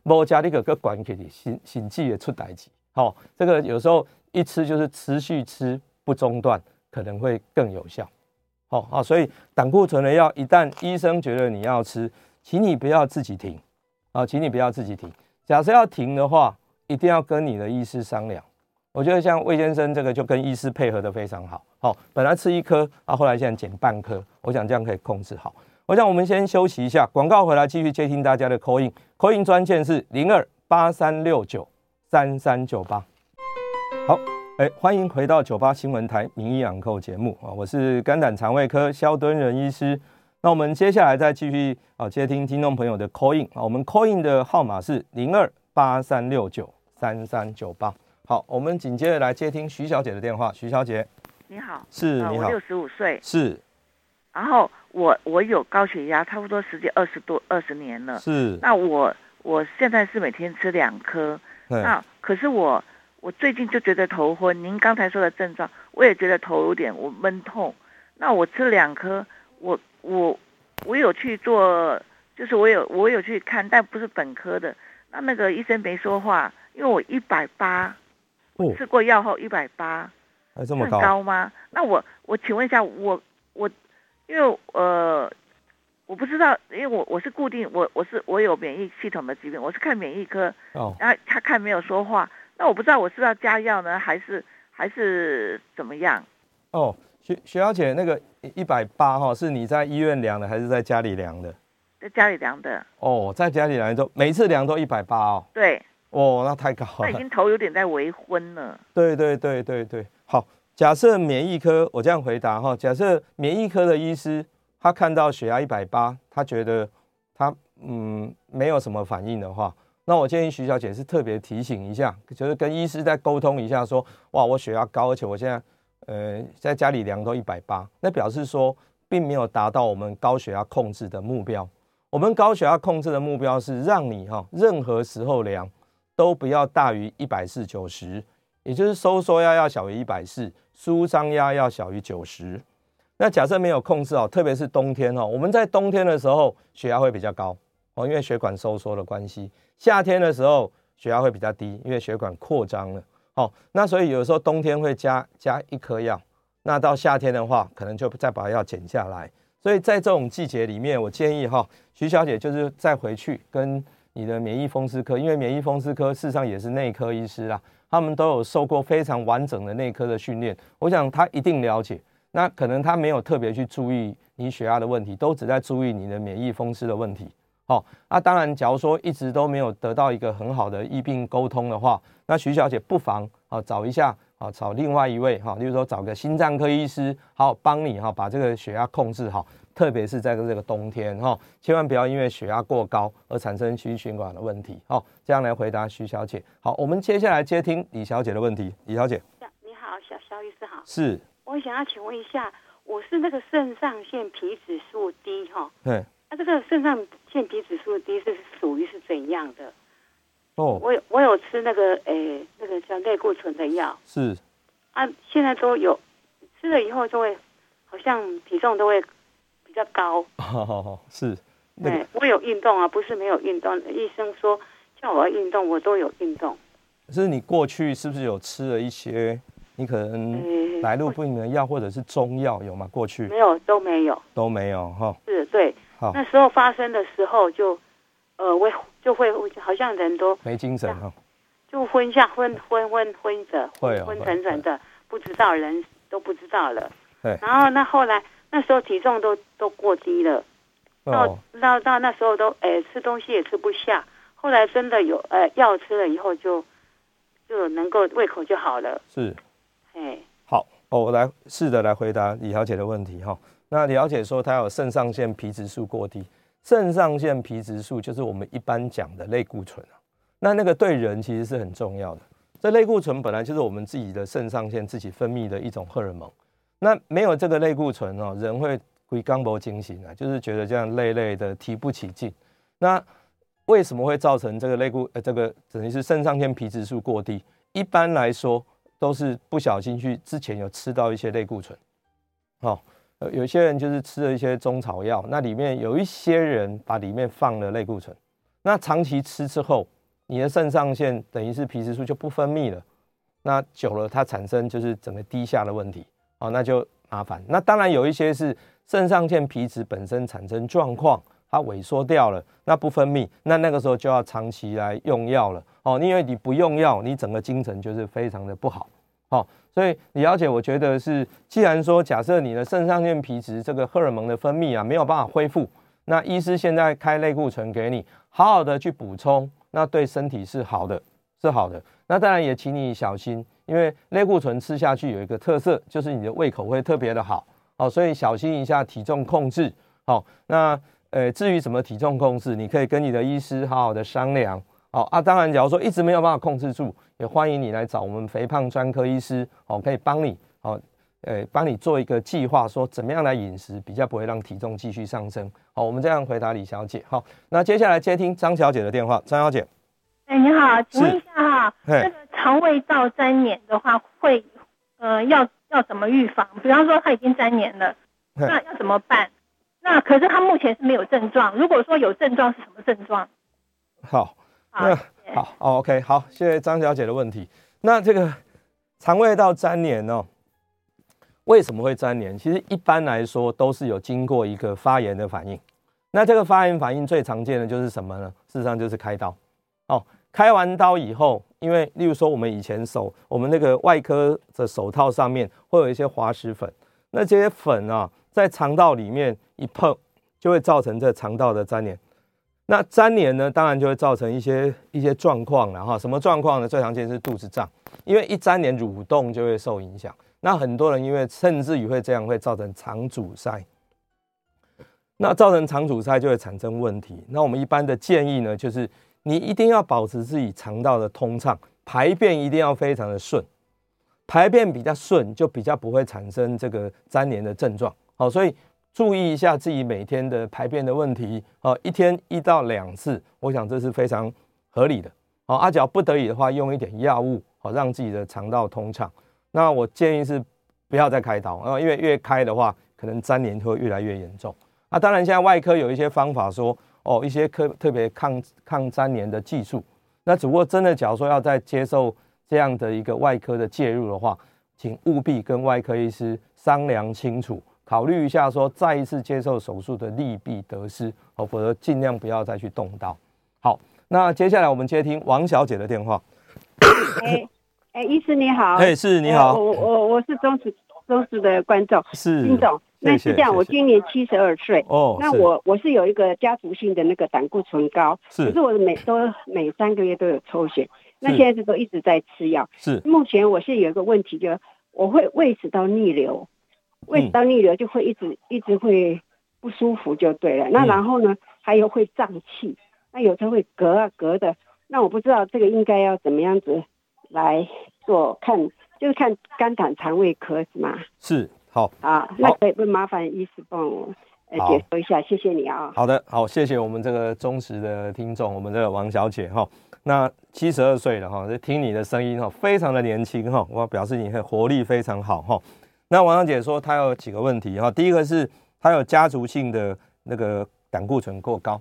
Speaker 2: 好，加那個個管起的險險也出代劑，好、哦，這個有時候一吃就是持續吃不中斷。可能會更有效，好、哦、啊，所以膽固醇的藥一旦醫生覺得你要吃，請你不要自己停，啊、哦，請你不要自己停。假設要停的話，一定要跟你的醫師商量。我覺得像魏先生這個就跟醫師配合的非常好，好、哦，本來吃一顆，啊，後來現在減半顆，我想這樣可以控制好。我想我們先休息一下，廣告回來繼續接聽大家的 call in，call in 專線是零二八三六九三三九八，好。哎，歡迎回到九八新聞台《名醫 on call》節目啊！我是肝膽腸胃科蕭敦仁醫師。那我們接下來再繼續啊，接聽聽眾朋友的 call in。啊，我們 call in 的號碼是零二八三六九三三九八。好，我們緊接着來接聽徐小姐的電話。徐小姐，你
Speaker 3: 好，是，你好，我六十五歲，是。然後我我有高血壓，差不多十幾二十多二十年了，是。那我我現在是每天吃兩顆，那可是我。我最近就覺得頭昏，您剛才說的症狀，我也覺得頭有點我悶痛。那我吃兩顆，我我我有去做，就是我有我有去看，但不是本科的。那那個醫生沒說話，因為我一百八，
Speaker 2: 吃
Speaker 3: 過藥後一百八，還這麼高？高嗎？那我我請問一下，我我因為呃我不知道，因為我我是固定我我是我有免疫系統的疾病，我是看免疫科，哦，然後他看沒有說話。那我不知道我是，是要加藥呢，還是還是怎麼樣？
Speaker 2: 哦，徐徐小姐，那個一百八哈，是你在醫院量的，還是在家裡量的？
Speaker 3: 在家裡量的。
Speaker 2: 哦，在家裡量都，每一次量都一百八哦。對。哦，那太高了。她已經
Speaker 3: 頭有點在微昏了。
Speaker 2: 對對對對對。好，假設免疫科，我這樣回答哈，哦，假設免疫科的醫師他看到血壓一百八，他覺得他嗯沒有什麼反應的話。那我建議徐小姐是特別提醒一下，就是跟醫師再溝通一下說，說哇，我血壓高，而且我現在呃在家裡量都一百八，那表示說並沒有達到我們高血壓控制的目標。我們高血壓控制的目標是讓你哈、哦，任何時候量都不要大於一百四九十，也就是收縮壓要小於一百四，舒張壓要小於九十。那假設沒有控制哦，特別是冬天哦，我們在冬天的時候血壓會比較高。哦，因為血管收縮的關係，夏天的時候血壓會比較低，因為血管擴張了。哦，那所以有時候冬天會加加一顆藥，那到夏天的話，可能就再把藥減下來。所以在這種季節裡面，我建議哈、哦，徐小姐就是再回去跟你的免疫風濕科，因為免疫風濕科事實上也是內科醫師啦、啊，他們都有受過非常完整的內科的訓練，我想他一定了解。那可能他沒有特別去注意你血壓的問題，都只在注意你的免疫風濕的問題。好、哦，那、啊、當然，假如說一直都沒有得到一個很好的醫病溝通的話，那徐小姐不妨啊、哦、找一下啊、哦、找另外一位哈、哦，例如說找個心臟科醫師，好、哦、幫你哈、哦、把這個血壓控制好、哦，特別是在這個冬天哈、哦，千萬不要因為血壓過高而產生心血管的問題。好、哦，這樣來回答徐小姐。好、哦，我們接下來接聽李小姐的問題。李小姐，你好，小
Speaker 3: 肖醫師好，是，我想要請問一下，我是那個腎上腺皮質素低哈、哦？對。那、啊、這個腎上腺皮質素低是屬於是怎樣的？
Speaker 2: 哦，我有
Speaker 3: 我有吃那個誒、欸，那個叫類固醇的藥是啊，現在都有吃了以後就會好像體重都會比較高。
Speaker 2: 哦、是。那個，對
Speaker 3: 我有運動啊，不是沒有運動。醫生說叫我要運動，我都有運動。
Speaker 2: 可是你過去是不是有吃了一些你可能來路不明的藥或者是中藥有嗎？過去沒
Speaker 3: 有、嗯，都沒有，
Speaker 2: 都沒有哈、哦。是對。那
Speaker 3: 時候發生的時候就，呃，會就會，就會好像人都
Speaker 2: 沒精神哈、啊，
Speaker 3: 就昏下昏昏昏昏的，
Speaker 2: 昏昏沉
Speaker 3: 沉的，不知道人都不知道了。對，然後那後來那時候體重都都過低了，哦、到到到那時候都哎吃東西也吃不下，後來真的有哎藥吃了以後就就能夠胃口就好了。是，
Speaker 2: 哎，好，我來試着來回答李小姐的問題哈。那了解說，它有腎上腺皮質素過低，腎上腺皮質素就是我們一般講的類固醇啊。那那個對人其實是很重要的。這類固醇本來就是我們自己的腎上腺自己分泌的一種荷爾蒙。那沒有這個類固醇哦，人會會干薄精醒，啊，就是覺得這樣累累的提不起勁。那為什麼會造成這個類固呃這個等於是腎上腺皮質素過低？一般來說都是不小心去之前有吃到一些類固醇，好。有些人就是吃了一些中草藥，那裡面有一些人把裡面放了類固醇，那長期吃之後，你的腎上腺等於是皮質素就不分泌了，那久了它產生就是整個低下的問題哦，那就麻煩。那當然有一些是腎上腺皮質本身產生狀況，它萎縮掉了，那不分泌，那那個時候就要長期來用藥了哦，因為你不用藥，你整個精神就是非常的不好哦。所以李小姐，我覺得是，既然說假設你的腎上腺皮質這個荷爾蒙的分泌啊沒有辦法恢復，那醫師現在開類固醇給你，好好的去補充，那對身體是好的，是好的。那當然也請你小心，因為類固醇吃下去有一個特色，就是你的胃口會特別的好，好，所以小心一下體重控制。好，那呃，至於怎麼體重控制，你可以跟你的醫師好好的商量。好啊，當然，假如說一直沒有辦法控制住，也歡迎你來找我們肥胖專科醫師，好，可以幫你，好，呃、欸，幫你做一個計劃，說怎麼樣來飲食比較不會讓體重繼續上升。好，我們這樣回答李小姐。好，那接下來接聽張小姐的電話。張小姐，
Speaker 3: 哎、欸，你好，請問一下哈，這、那個腸胃道粘黏的話會，會呃要要怎麼預防？比方說他已經粘黏了，那要怎麼辦？那可是他目前是沒有症狀，如果說有症狀是什麼症狀？
Speaker 2: 好。那好哦，OK，好，謝謝張小姐的問題。那這個腸胃道粘連哦，為什麼會粘連？其實一般來說都是有經過一個發炎的反應。那這個發炎反應最常見的就是什麼呢？事實上就是開刀。哦，開完刀以後，因為例如說我們以前手我們那個外科的手套上面會有一些滑石粉，那這些粉啊在腸道裡面一碰，就會造成這腸道的粘連。那粘連呢，當然就會造成一些一些狀況了哈。什麼狀況呢？最常見是肚子脹，因為一粘連蠕動就會受影響。那很多人因為甚至於會這樣，會造成腸阻塞。那造成腸阻塞就會產生問題。那我們一般的建議呢，就是你一定要保持自己腸道的通暢，排便一定要非常的順。排便比較順，就比較不會產生這個粘連的症狀。好，所以。注意一下自己每天的排便的問題哦，一天一到兩次，我想這是非常合理的。好，啊，假如不得已的話用一點藥物，好，讓自己的腸道通暢。那我建議是不要再開刀，因為越開的話，可能粘連會越來越嚴重。那，啊、當然現在外科有一些方法說哦，一些科特別抗抗粘連的技術。那只不過真的，假如說要再接受這樣的一個外科的介入的話，請務必跟外科醫師商量清楚。考慮一下，說再一次接受手術的利弊得失，和否則盡量不要再去動刀。好，那接下來我們接聽王小姐的電話。哎、欸、
Speaker 3: 哎、欸，醫師你好，哎、欸，是你好，呃、我我我是中視中視的觀眾，是金總。那是這樣，我今年七十二歲，哦，那我我是有一個家族性的那個膽固醇高，是，可是我每都每三個月都有抽血，那現在是都一直在吃藥，是。目前我是有一個問題，就是我會胃食道逆流。胃食道逆流就會一直一直會不舒服就對了，嗯、那然後呢還有會脹氣，那有時候會嗝啊嗝的。那我不知道這個應該要怎麼樣子來做看，就是看肝膽腸胃科是嗎？
Speaker 2: 是，好。
Speaker 3: 啊，那可以不麻煩醫師幫我解說一下，謝謝你啊、哦。
Speaker 2: 好的，好，謝謝我們這個忠實的聽眾，我們這個王小姐哈，那七十二歲了哈，就聽你的聲音哈，非常的年輕哈，我要表示你活力非常好哈。那王小姐說，她有幾個問題哈。第一個是她有家族性的那個膽固醇過高，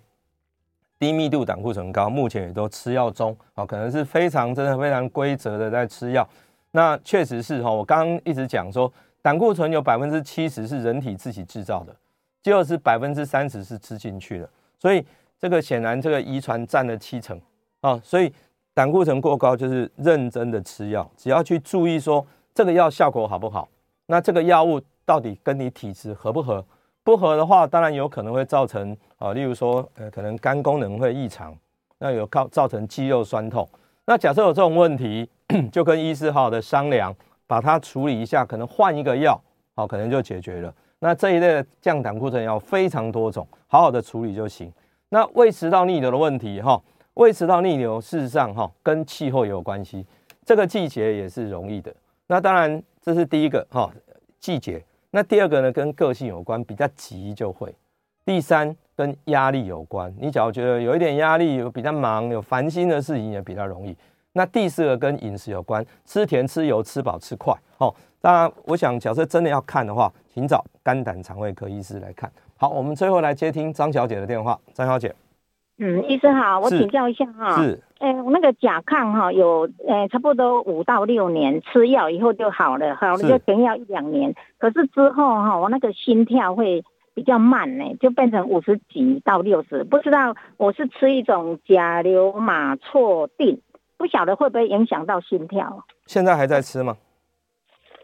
Speaker 2: 低密度膽固醇高，目前也都吃藥中啊，可能是非常真的非常規則的在吃藥。那確實是哈，我剛剛一直講說，膽固醇有百分之七十是人體自己製造的，就是百分之三十是吃進去的，所以這個顯然這個遺傳佔了七成啊。所以膽固醇過高就是認真的吃藥，只要去注意說這個藥效果好不好。那這個藥物到底跟你體質合不合？不合的話，當然有可能會造成啊、哦，例如說，呃，可能肝功能會異常，那有靠造成肌肉酸痛。那假設有這種問題，就跟醫師好好的商量，把它處理一下，可能換一個藥，好、哦，可能就解決了。那這一類的降膽固醇藥非常多種，好好的處理就行。那胃食道逆流的問題，哈、哦，胃食道逆流事實上哈、哦，跟氣候也有關係，這個季節也是容易的。那當然。這是第一個哈、哦、季節。那第二個呢，跟個性有關，比較急就會；第三跟壓力有關，你假如覺得有一點壓力，有比較忙，有煩心的事情也比較容易。那第四個跟飲食有關，吃甜、吃油、吃飽、吃快。哦，當然，我想假設真的要看的話，請找肝膽腸胃科醫師來看。好，我們最後來接聽張小姐的電話。張小姐，嗯，醫
Speaker 3: 生好，我請教一下哈、哦。是。是哎、欸，我那個甲亢哈，有哎、欸，差不多五到六年，吃藥以後就好了，好了就停藥一兩年。可是之後哈，我那個心跳會比較慢呢，就變成五十幾到六十，不知道我是吃一種甲硫馬錯定，不曉得會不會影響到心跳。
Speaker 2: 現在還在吃嗎？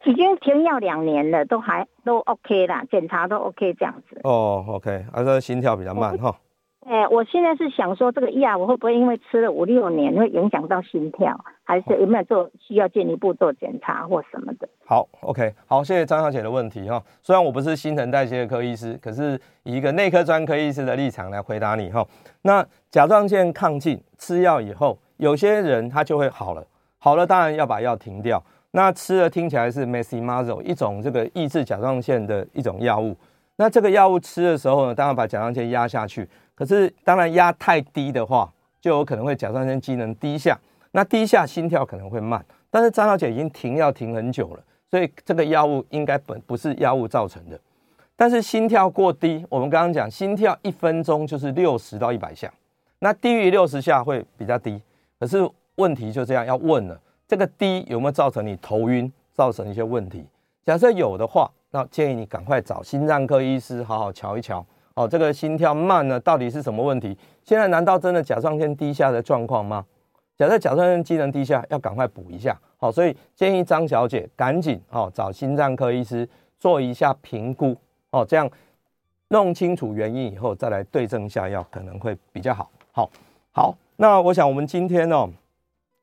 Speaker 3: 已經停藥兩年了，都還都 OK 啦，檢查都 OK 這樣子。
Speaker 2: 哦、oh，OK，而且心跳比較慢哈。Oh. 齁
Speaker 3: 哎、欸，我現在是想說，這個藥我會不會因為吃了五六年，會影響到心跳？還是有沒有做需要進一步做檢查或什麼的？
Speaker 2: 好，OK，好，謝謝張小姐的問題哈。雖然我不是新陳代謝科醫師，可是以一個內科專科醫師的立場來回答你哈。那甲狀腺亢進吃藥以後，有些人他就會好了，好了當然要把藥停掉。那吃的聽起來是 methimazole 一種這個抑制甲狀腺的一種藥物。那這個藥物吃的時候呢，當然把甲狀腺壓下去。可是，當然壓太低的話，就有可能會甲狀腺機能低下。那低下心跳可能會慢，但是張小姐已經停藥停很久了，所以這個藥物應該本不是藥物造成的。但是心跳過低，我們剛剛講心跳一分鐘就是六十到一百下，那低於六十下會比較低。可是問題就這樣要問了，這個低有沒有造成你頭暈，造成一些問題？假設有的話，那建議你趕快找心臟科醫師好好瞧一瞧。哦，這個心跳慢呢，到底是什麼問題？現在難道真的甲狀腺低下的狀況嗎？假設甲狀腺機能低下，要趕快補一下。好、哦，所以建議張小姐趕緊哦，找心臟科醫師做一下評估。哦，這樣弄清楚原因以後，再來對症下藥，可能會比較好。好、哦，好，那我想我們今天哦，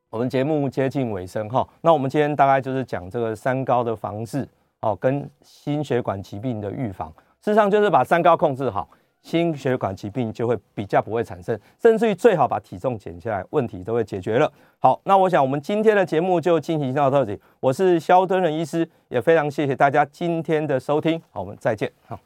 Speaker 2: 我們節目接近尾聲哈、哦。那我們今天大概就是講這個三高的防治，哦，跟心血管疾病的預防。事實上，就是把三高控制好，心血管疾病就會比較不會產生，甚至於最好把體重減下來，問題都會解決了。好，那我想我們今天的節目就進行到這裡。我是蕭敦仁醫師，也非常謝謝大家今天的收聽。好，我們再見。好。